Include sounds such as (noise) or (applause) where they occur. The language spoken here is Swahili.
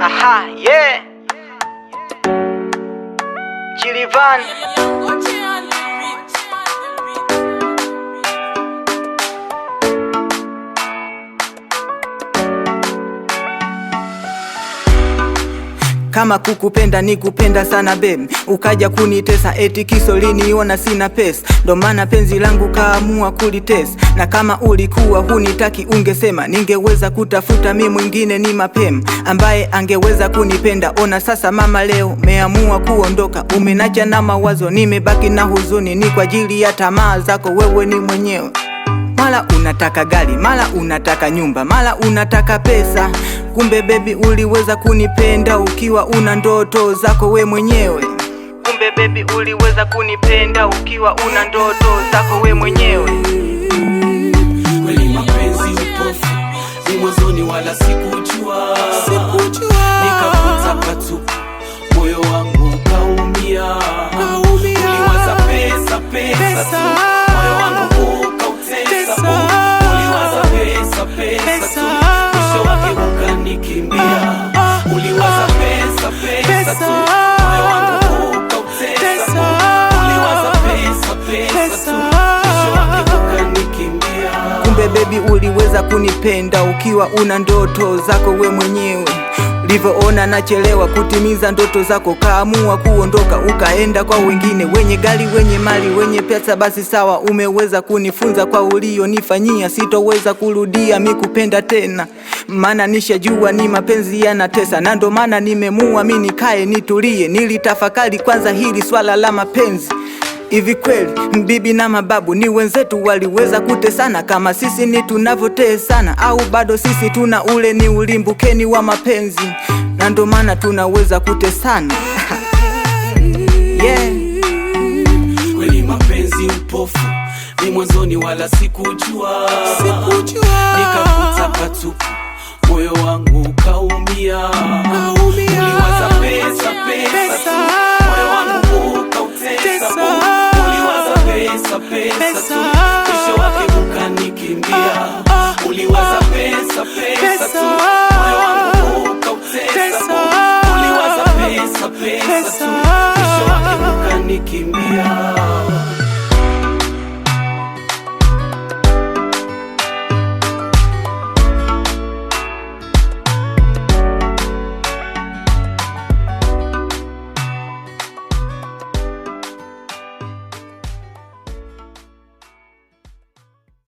Aha, yeah. Chilivan Kama kukupenda ni kupenda sana bem ukaja kunitesa eti kisolini ona sina pesa, ndo maana penzi langu kaamua kulitesa. Na kama ulikuwa hunitaki ungesema, ningeweza kutafuta mi mwingine ni mapema, ambaye angeweza kunipenda. Ona sasa mama, leo meamua kuondoka, umenacha na mawazo, nimebaki na huzuni, ni kwa ajili ya tamaa zako wewe ni mwenyewe mala unataka gari, mala unataka nyumba, mala unataka pesa. Kumbe bebi, uliweza kunipenda ukiwa una ndoto zako we mwenyewe. Kumbe bebi, uliweza kunipenda ukiwa una ndoto zako we mwenyewe. Kweli mapenzi upofu, ni mwanzoni wala sikujua, sikujua. Nikakutaka tu moyo wangu Kumbe baby, uliweza kunipenda ukiwa una ndoto zako we mwenyewe. livyoona nachelewa kutimiza ndoto zako, kaamua kuondoka ukaenda kwa wengine, wenye gari, wenye mali, wenye pesa. Basi sawa, umeweza kunifunza kwa ulionifanyia, sitoweza kurudia mikupenda tena, maana nishajua ni mapenzi yanatesa, na ndo maana nimemua mi nikae nitulie, nilitafakari kwanza hili swala la mapenzi. Hivi kweli mbibi na mababu ni wenzetu, waliweza kutesana kama sisi ni tunavyotesana? Au bado sisi tuna ule ni ulimbukeni wa mapenzi, na ndo maana tunaweza kutesana? (laughs) yeah. Kweli mapenzi upofu ni mwanzoni, wala sikujua, sikujua. Nikakutaka tu moyo wangu ukaumia pesa tu, kisha wakivuka nikimbia. Ah, ah, Uliwaza ah. pesa pesa tu, moyo wangu ukautesa. Uliwaza pesa pesa tu, kisha wakivuka nikimbia